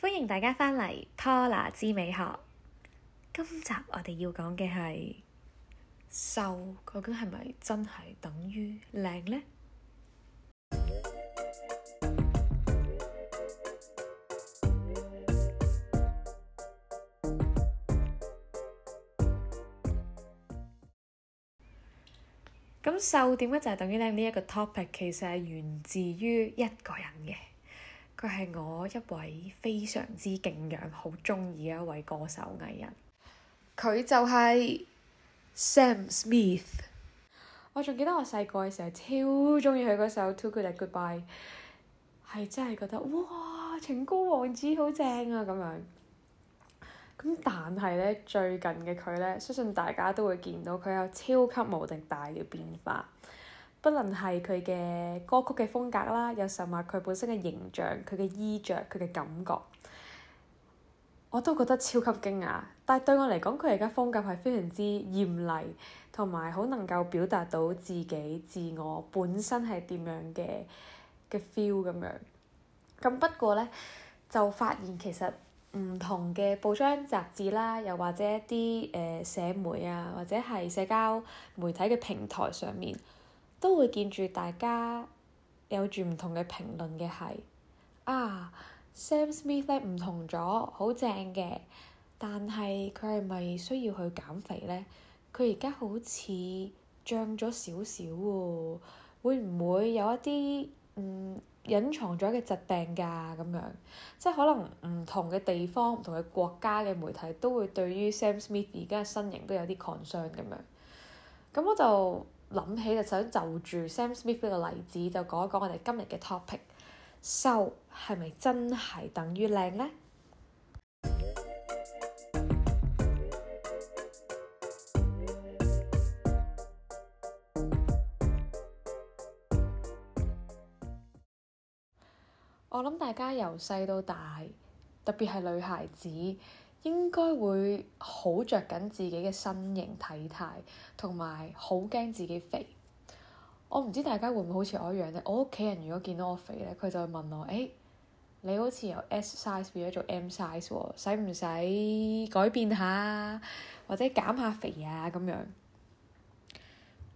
歡迎大家返嚟《拖拿之美學》。今集我哋要講嘅係瘦究竟係咪真係等於靚呢？咁瘦點解就係等於靚呢一個 topic？其實係源自於一個人嘅。佢係我一位非常之敬仰、好中意嘅一位歌手藝人，佢就係 Sam Smith。我仲記得我細個嘅時候超中意佢嗰首《Too Good At Goodbyes》，係真係覺得哇，情歌王子好正啊咁樣。咁但係呢，最近嘅佢呢，相信大家都會見到佢有超級無敵大嘅變化。不論係佢嘅歌曲嘅風格啦，有時候話佢本身嘅形象、佢嘅衣着，佢嘅感覺，我都覺得超級驚訝。但係對我嚟講，佢而家風格係非常之豔麗，同埋好能夠表達到自己自我本身係點樣嘅嘅 feel 咁樣。咁不過咧，就發現其實唔同嘅報章雜誌啦，又或者一啲誒、呃、社媒啊，或者係社交媒體嘅平台上面，都會見住大家有住唔同嘅評論嘅係，啊 Sam Smith 唔同咗，好正嘅，但係佢係咪需要去減肥咧？佢而家好似漲咗少少喎，會唔會有一啲嗯隱藏咗嘅疾病㗎咁樣？即係可能唔同嘅地方、唔同嘅國家嘅媒體都會對於 Sam Smith 而家嘅身形都有啲 concern 咁樣，咁我就諗起就想就住 Sam Smith 呢個例子，就講一講我哋今日嘅 topic。瘦係咪真係等於靚呢？ 我諗大家由細到大，特別係女孩子。應該會好着緊自己嘅身形體態，同埋好驚自己肥。我唔知大家會唔會好似我一樣呢？我屋企人如果見到我肥呢，佢就會問我：誒、欸，你好似由 S size 變咗做 M size 喎、啊，使唔使改變下？或者減下肥啊？咁樣。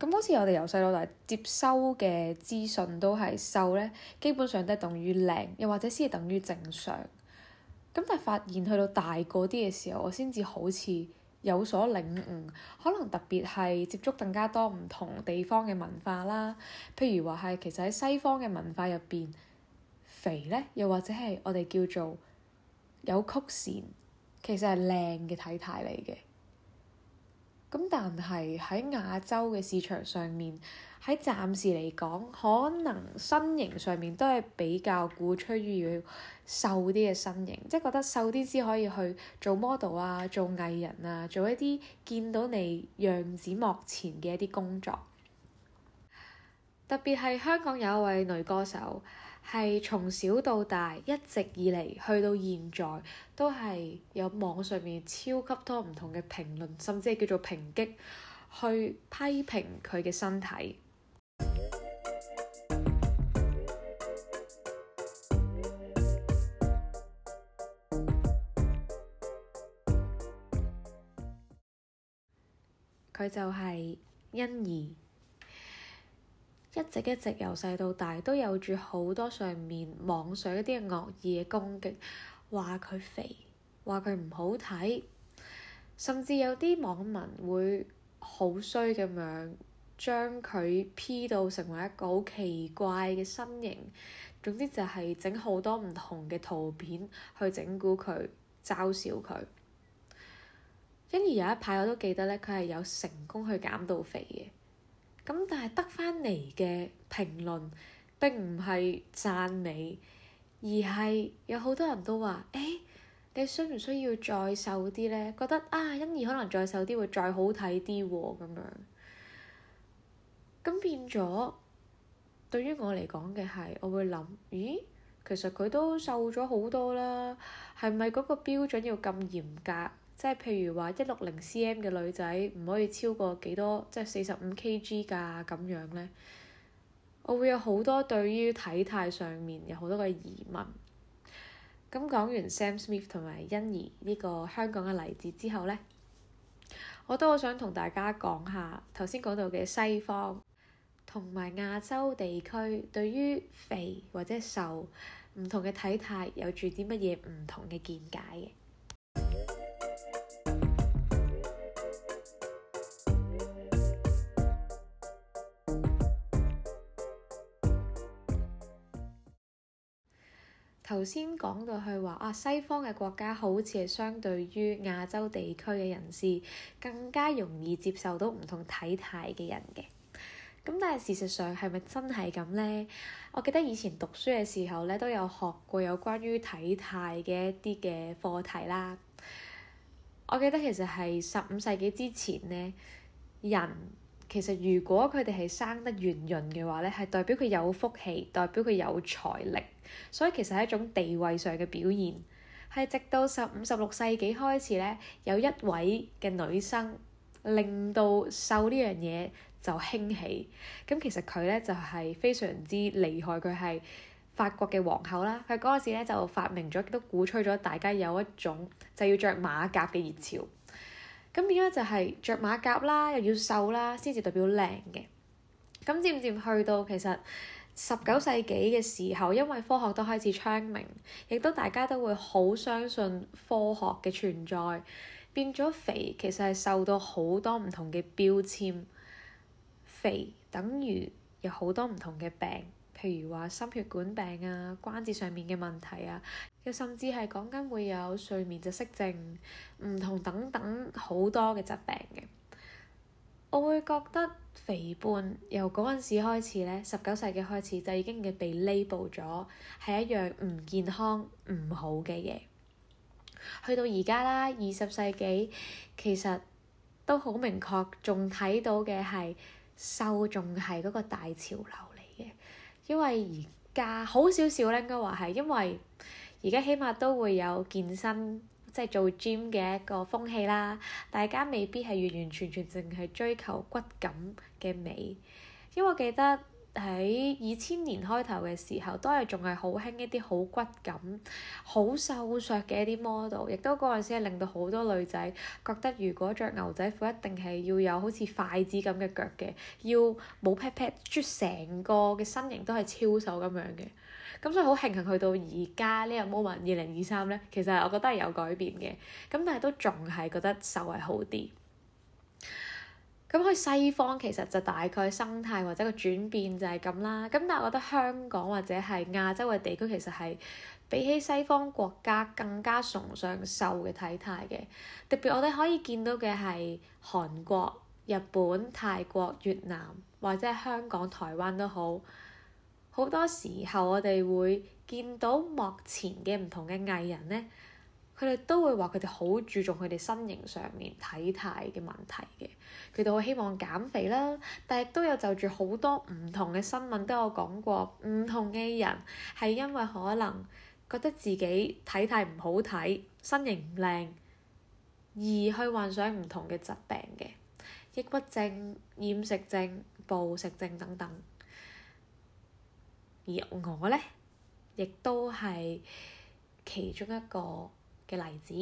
咁好似我哋由細到大接收嘅資訊都係瘦呢，基本上都係等於靚，又或者先係等於正常。咁但係發現去到大個啲嘅時候，我先至好似有所領悟，可能特別係接觸更加多唔同地方嘅文化啦。譬如話係，其實喺西方嘅文化入邊，肥呢又或者係我哋叫做有曲線，其實係靚嘅體態嚟嘅。咁但係喺亞洲嘅市場上面。喺暫時嚟講，可能身形上面都係比較鼓吹於要瘦啲嘅身形，即係覺得瘦啲先可以去做 model 啊、做藝人啊、做一啲見到你樣子幕前嘅一啲工作。特別係香港有一位女歌手，係從小到大一直以嚟去到現在都係有網上面超級多唔同嘅評論，甚至係叫做評擊去批評佢嘅身體。佢就係欣宜，一直一直由細到大都有住好多上面網上一啲嘅惡意嘅攻擊，話佢肥，話佢唔好睇，甚至有啲網民會好衰咁樣，將佢 P 到成為一個好奇怪嘅身形，總之就係整好多唔同嘅圖片去整蠱佢，嘲笑佢。跟住有一排我都記得咧，佢係有成功去減到肥嘅。咁但係得翻嚟嘅評論並唔係讚美，而係有好多人都話，誒、欸，你需唔需要再瘦啲咧？覺得啊，欣宜可能再瘦啲會再好睇啲喎，咁樣。咁變咗，對於我嚟講嘅係，我會諗，咦，其實佢都瘦咗好多啦，係咪嗰個標準要咁嚴格？即係譬如話一六零 cm 嘅女仔唔可以超過幾多，即係四十五 kg 㗎，咁樣呢，我會有好多對於體態上面有好多嘅疑問。咁講完 Sam Smith 同埋欣宜呢個香港嘅例子之後呢，我都好想同大家講下頭先講到嘅西方同埋亞洲地區對於肥或者瘦唔同嘅體態有住啲乜嘢唔同嘅見解嘅。頭先講到去話啊，西方嘅國家好似係相對於亞洲地區嘅人士更加容易接受到唔同體態嘅人嘅。咁但係事實上係咪真係咁呢？我記得以前讀書嘅時候咧都有學過有關於體態嘅一啲嘅課題啦。我記得其實係十五世紀之前呢，人，其實如果佢哋係生得圓潤嘅話咧，係代表佢有福氣，代表佢有財力，所以其實係一種地位上嘅表現。係直到十五、十六世紀開始咧，有一位嘅女生令到瘦呢樣嘢就興起。咁其實佢咧就係非常之厲害，佢係法國嘅皇后啦。佢嗰陣時咧就發明咗，亦都鼓吹咗大家有一種就要着馬甲嘅熱潮。咁變咗就係着馬甲啦，又要瘦啦，先至代表靚嘅。咁漸漸去到其實十九世紀嘅時候，因為科學都開始昌明，亦都大家都會好相信科學嘅存在，變咗肥其實係受到好多唔同嘅標籤，肥等於有好多唔同嘅病。譬如話心血管病啊、關節上面嘅問題啊，又甚至係講緊會有睡眠窒息症、唔同等等好多嘅疾病嘅。我會覺得肥胖由嗰陣時開始咧，十九世紀開始就已經嘅被 label 咗係一樣唔健康、唔好嘅嘢。去到而家啦，二十世紀其實都好明確，仲睇到嘅係瘦仲係嗰個大潮流。因為而家好少少咧，應該話係因為而家起碼都會有健身，即係做 gym 嘅一個風氣啦。大家未必係完完全全淨係追求骨感嘅美，因為我記得，喺二千年開頭嘅時候，都係仲係好興一啲好骨感、好瘦削嘅一啲 model，亦都嗰陣時係令到好多女仔覺得，如果着牛仔褲一定係要有好似筷子咁嘅腳嘅，要冇 pat pat，將成個嘅身形都係超瘦咁樣嘅。咁所以好慶幸去到而家呢個 moment，二零二三呢，其實我覺得係有改變嘅，咁但係都仲係覺得瘦係好啲。咁去西方其實就大概生態或者個轉變就係咁啦。咁但係，我覺得香港或者係亞洲嘅地區，其實係比起西方國家更加崇尚瘦嘅體態嘅。特別我哋可以見到嘅係韓國、日本、泰國、越南或者係香港、台灣都好。好多時候我哋會見到幕前嘅唔同嘅藝人呢。佢哋都會話佢哋好注重佢哋身形上面體態嘅問題嘅，佢哋好希望減肥啦。但係都有就住好多唔同嘅新聞都有講過，唔同嘅人係因為可能覺得自己體態唔好睇、身形唔靚，而去患上唔同嘅疾病嘅，抑鬱症、厭食症、暴食症等等。而我呢，亦都係其中一個嘅例子，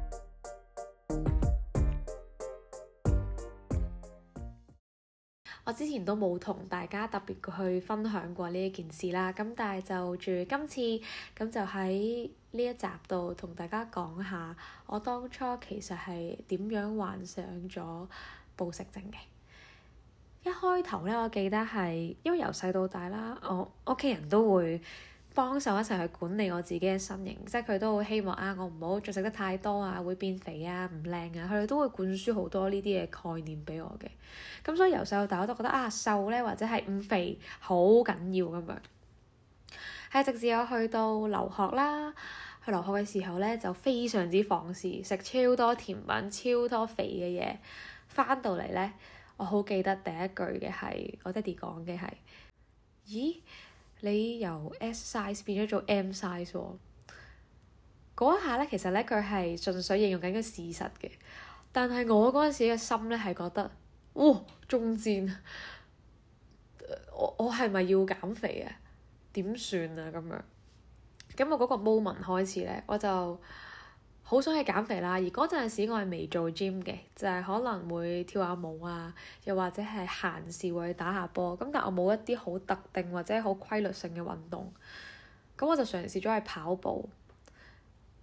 我之前都冇同大家特別去分享過呢一件事啦，咁但係就住今次咁就喺呢一集度同大家講下，我當初其實係點樣患上咗暴食症嘅。一開頭咧，我記得係因為由細到大啦，我屋企人都會幫手一齊去管理我自己嘅身形，即係佢都好希望啊，我唔好再食得太多啊，會變肥啊，唔靚啊，佢哋都會灌輸好多呢啲嘅概念俾我嘅。咁所以由細到大我都覺得啊，瘦呢或者係唔肥好緊要咁樣。係直至我去到留學啦，去留學嘅時候呢，就非常之放肆，食超多甜品、超多肥嘅嘢，翻到嚟呢。我好記得第一句嘅係我爹哋講嘅係，咦？你由 S size 變咗做 M size 喎、哦。嗰一下呢，其實呢，佢係純粹應用緊一個事實嘅，但係我嗰陣時嘅心呢，係覺得，哇、哦，中箭！我我係咪要減肥啊？點算啊？咁樣，咁我嗰個 moment 開始呢，我就，好想去減肥啦，而嗰陣時我係未做 gym 嘅，就係、是、可能會跳下舞啊，又或者係閒時會打下波咁。但係我冇一啲好特定或者好規律性嘅運動，咁我就嘗試咗去跑步，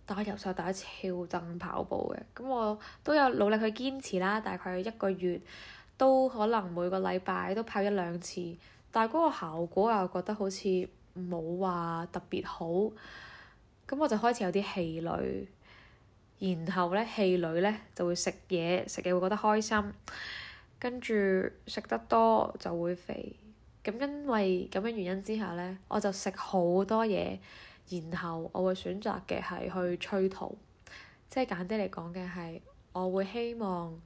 游打係手打超憎跑步嘅咁，我都有努力去堅持啦。大概一個月都可能每個禮拜都跑一兩次，但係嗰個效果又覺得好似冇話特別好，咁我就開始有啲氣餒。然後咧，氣裏咧就會食嘢，食嘢會覺得開心，跟住食得多就會肥。咁因為咁樣原因之下咧，我就食好多嘢，然後我會選擇嘅係去催吐，即係簡單嚟講嘅係，我會希望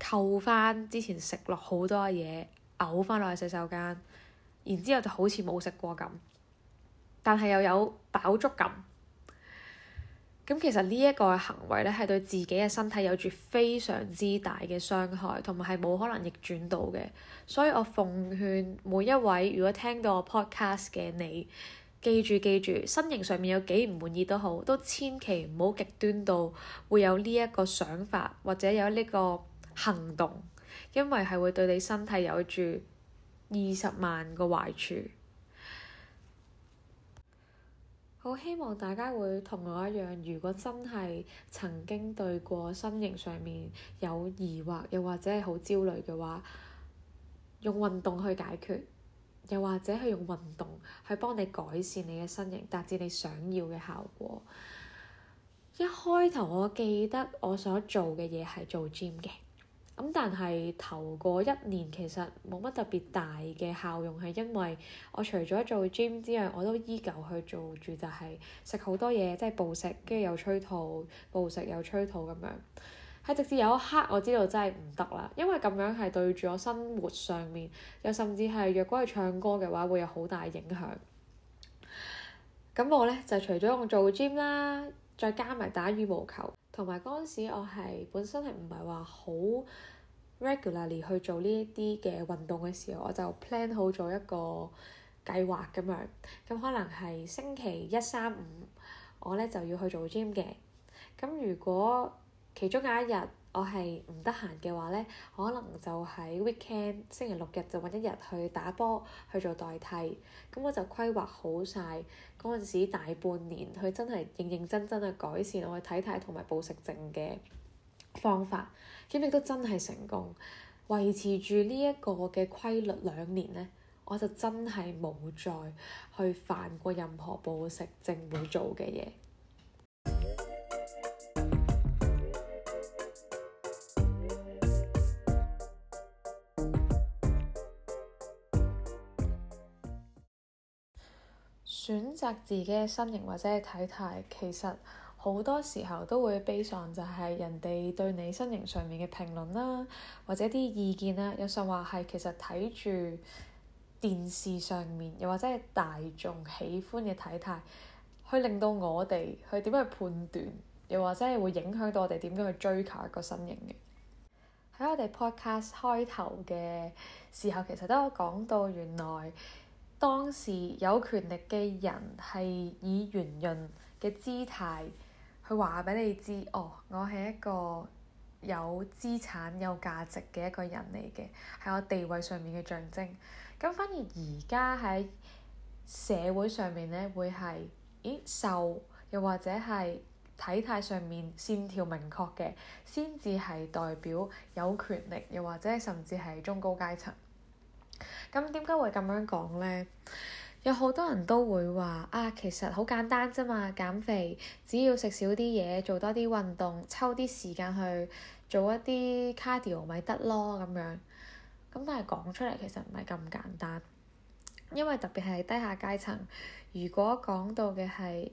扣翻之前食落好多嘢，嘔翻落去洗手間，然之後就好似冇食過咁，但係又有飽足感。咁其實呢一個行為咧，係對自己嘅身體有住非常之大嘅傷害，同埋係冇可能逆轉到嘅。所以我奉勸每一位，如果聽到我 podcast 嘅你，記住記住，身形上面有幾唔滿意都好，都千祈唔好極端到會有呢一個想法或者有呢個行動，因為係會對你身體有住二十萬個壞處。我希望大家會同我一樣，如果真係曾經對過身形上面有疑惑，又或者係好焦慮嘅話，用運動去解決，又或者係用運動去幫你改善你嘅身形，達至你想要嘅效果。一開頭我記得我所做嘅嘢係做 gym 嘅。咁但係頭嗰一年其實冇乜特別大嘅效用，係因為我除咗做 gym 之外，我都依舊去做住就係食好多嘢，即係暴食，跟住又催吐，暴食又催吐咁樣。係直至有一刻我知道真係唔得啦，因為咁樣係對住我生活上面，又甚至係若果係唱歌嘅話，會有好大影響。咁我呢，就除咗用做 gym 啦，再加埋打羽毛球。同埋嗰陣時我，我係本身係唔係話好 regularly 去做呢一啲嘅運動嘅時候，我就 plan 好做一個計劃，咁樣，咁可能係星期一、三、五，我咧就要去做 gym 嘅。咁如果其中有一日，我係唔得閒嘅話呢，可能就喺 weekend，星期六日就揾一日去打波去做代替。咁我就規劃好晒嗰陣時大半年，去真係認認真真去改善我嘅體態同埋暴食症嘅方法。咁亦都真係成功維持住呢一個嘅規律兩年呢，我就真係冇再去犯過任何暴食症會做嘅嘢。選擇自己嘅身形或者係體態，其實好多時候都會悲傷，就係人哋對你身形上面嘅評論啦，或者啲意見啦。有時話係其實睇住電視上面，又或者係大眾喜歡嘅體態，去令到我哋去點樣去判斷，又或者係會影響到我哋點樣去追求一個身形嘅。喺我哋 podcast 開頭嘅時候，其實都有講到原來。當時有權力嘅人係以圓潤嘅姿態去話俾你知，哦，我係一個有資產、有價值嘅一個人嚟嘅，係我地位上面嘅象徵。咁反而而家喺社會上面呢，會係，咦，瘦，又或者係體態上面線條明確嘅，先至係代表有權力，又或者甚至係中高階層。咁點解會咁樣講呢？有好多人都會話啊，其實好簡單啫嘛，減肥只要食少啲嘢，做多啲運動，抽啲時間去做一啲 cardio 咪得咯咁樣。咁但係講出嚟其實唔係咁簡單，因為特別係低下階層，如果講到嘅係，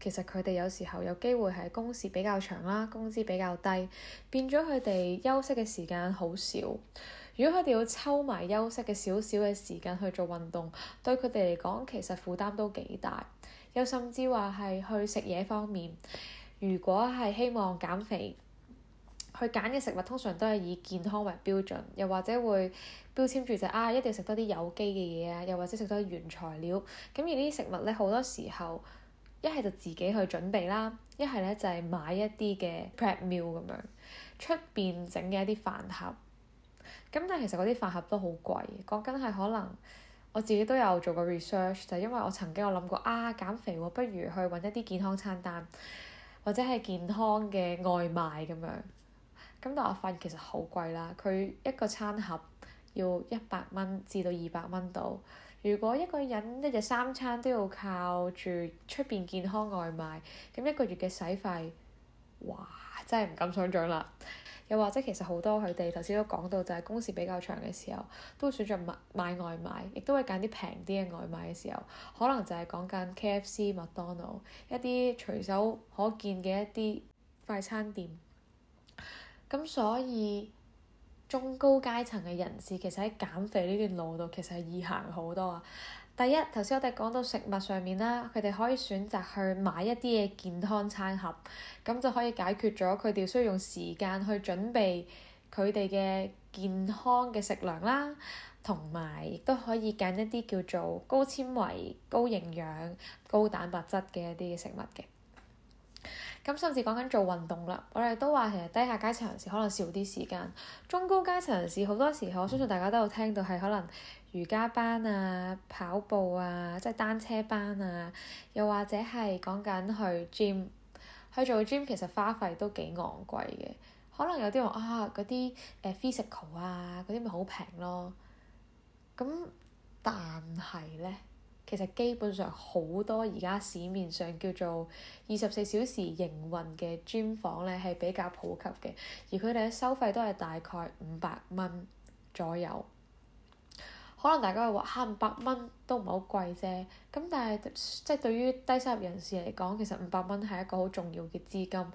其實佢哋有時候有機會係工時比較長啦，工資比較低，變咗佢哋休息嘅時間好少。如果佢哋要抽埋休息嘅少少嘅時間去做運動，對佢哋嚟講其實負擔都幾大。又甚至話係去食嘢方面，如果係希望減肥，佢揀嘅食物通常都係以健康為標準，又或者會標籤住就啊一定要食多啲有機嘅嘢啊，又或者食多啲原材料。咁而呢啲食物咧，好多時候一係就自己去準備啦，一係咧就係買一啲嘅 prep meal 咁樣出邊整嘅一啲飯盒。咁但係其實嗰啲飯盒都好貴，講緊係可能我自己都有做過 research，就因為我曾經有諗過啊減肥不如去揾一啲健康餐單，或者係健康嘅外賣咁樣。咁但我發現其實好貴啦，佢一個餐盒要一百蚊至到二百蚊度。如果一個人一日三餐都要靠住出邊健康外賣，咁一個月嘅使費，哇！真係唔敢想像啦！又或者其實好多佢哋頭先都講到，就係工時比較長嘅時候，都會選擇買買外賣，亦都會揀啲平啲嘅外賣嘅時候，可能就係講緊 KFC、麥當勞一啲隨手可見嘅一啲快餐店。咁所以中高階層嘅人士其實喺減肥呢段路度，其實係易行好多啊！第一，頭先我哋講到食物上面啦，佢哋可以選擇去買一啲嘅健康餐盒，咁就可以解決咗佢哋需要用時間去準備佢哋嘅健康嘅食糧啦，同埋亦都可以揀一啲叫做高纖維、高營養、高蛋白質嘅一啲嘅食物嘅。咁甚至講緊做運動啦，我哋都話其實低下階層人士可能少啲時間，中高階層人士好多時候，我相信大家都有聽到係可能。瑜伽班啊、跑步啊、即係單車班啊，又或者係講緊去 gym，去做 gym 其實花費都幾昂貴嘅。可能有啲人話啊，嗰啲誒 physical 啊，嗰啲咪好平咯。咁，但係咧，其實基本上好多而家市面上叫做二十四小時營運嘅 gym 房咧，係比較普及嘅，而佢哋嘅收費都係大概五百蚊左右。可能大家話五百蚊都唔係好貴啫，咁但係即係對於低收入人士嚟講，其實五百蚊係一個好重要嘅資金，攞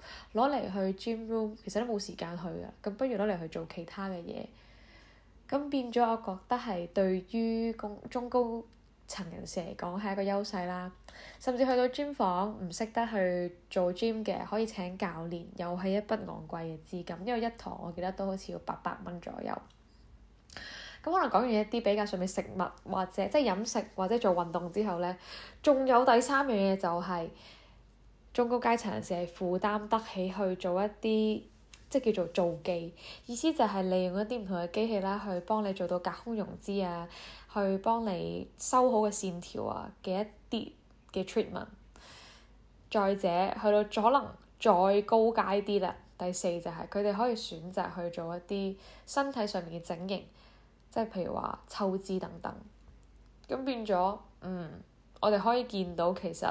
嚟去 gym room 其實都冇時間去㗎，咁不如攞嚟去做其他嘅嘢。咁變咗，我覺得係對於中高層人士嚟講係一個優勢啦。甚至去到 gym 房唔識得去做 gym 嘅，可以請教練，又係一筆昂貴嘅資金，因為一堂我記得都好似要八百蚊左右。咁可能講完一啲比較上面食物或者即係飲食或者做運動之後呢，仲有第三樣嘢就係中高階層人士係負擔得起去做一啲即係叫做造機，意思就係利用一啲唔同嘅機器啦，去幫你做到隔空融脂啊，去幫你修好嘅線條啊嘅一啲嘅 treatment。再者去到可能再高階啲啦，第四就係佢哋可以選擇去做一啲身體上面嘅整形。即係譬如話抽脂等等，咁變咗，嗯，我哋可以見到其實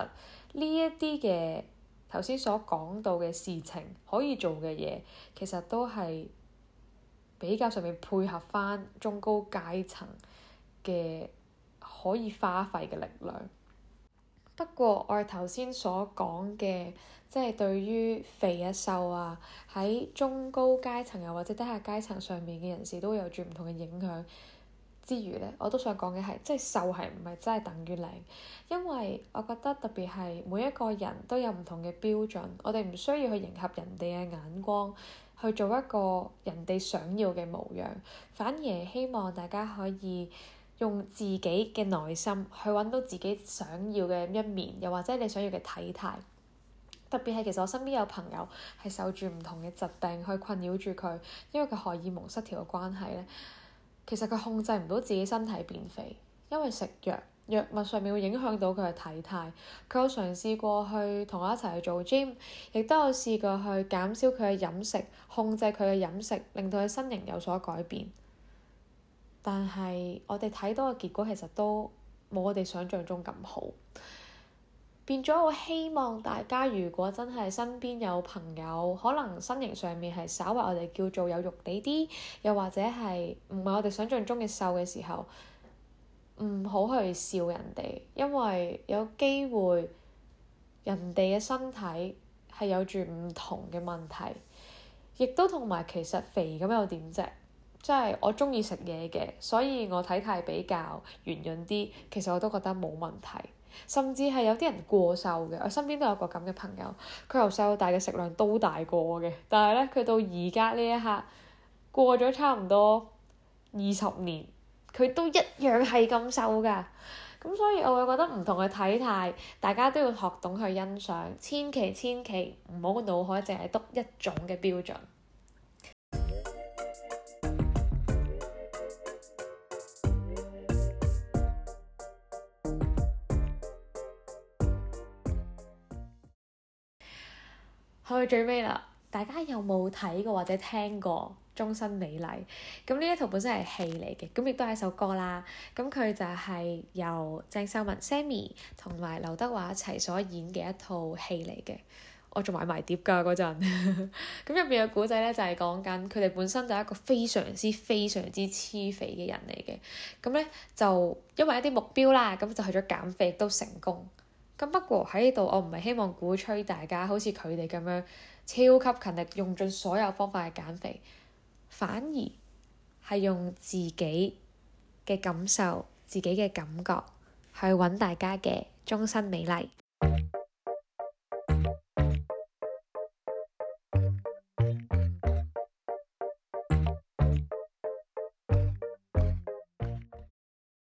呢一啲嘅頭先所講到嘅事情可以做嘅嘢，其實都係比較上面配合翻中高階層嘅可以花費嘅力量。不過，我哋頭先所講嘅，即係對於肥啊、瘦啊，喺中高階層又或者低下階層上面嘅人士，都會有住唔同嘅影響之餘呢，我都想講嘅係，即係瘦係唔係真係等於靚，因為我覺得特別係每一個人都有唔同嘅標準，我哋唔需要去迎合人哋嘅眼光，去做一個人哋想要嘅模樣，反而希望大家可以。用自己嘅內心去揾到自己想要嘅一面，又或者你想要嘅體態。特別係其實我身邊有朋友係受住唔同嘅疾病去困擾住佢，因為佢荷爾蒙失調嘅關係咧，其實佢控制唔到自己身體變肥，因為食藥，藥物上面會影響到佢嘅體態。佢有嘗試過去同我一齊去做 gym，亦都有試過去減少佢嘅飲食，控制佢嘅飲食，令到佢身形有所改變。但係我哋睇到嘅結果其實都冇我哋想象中咁好，變咗我希望大家如果真係身邊有朋友，可能身形上面係稍為我哋叫做有肉地啲，又或者係唔係我哋想象中嘅瘦嘅時候，唔好去笑人哋，因為有機會人哋嘅身體係有住唔同嘅問題，亦都同埋其實肥咁又點啫？即係我中意食嘢嘅，所以我體態比較圓潤啲，其實我都覺得冇問題。甚至係有啲人過瘦嘅，我身邊都有個咁嘅朋友，佢由細到大嘅食量都大過我嘅，但係咧，佢到而家呢一刻，過咗差唔多二十年，佢都一樣係咁瘦㗎。咁所以我會覺得唔同嘅體態，大家都要學懂去欣賞，千祈千祈唔好腦海淨係得一種嘅標準。去最尾啦！大家有冇睇過或者聽過《終身美麗》？咁呢一套本身係戲嚟嘅，咁亦都係首歌啦。咁佢就係由鄭秀文 Sammi 同埋劉德華一齊所演嘅一套戲嚟嘅。我仲買埋碟㗎嗰陣。咁入 面嘅古仔咧就係講緊佢哋本身就係一個非常之非常之黐肥嘅人嚟嘅。咁咧就因為一啲目標啦，咁就去咗減肥都成功。咁不過喺呢度，我唔係希望鼓吹大家好似佢哋咁樣超級勤力，用盡所有方法去減肥，反而係用自己嘅感受、自己嘅感覺去揾大家嘅終身美麗。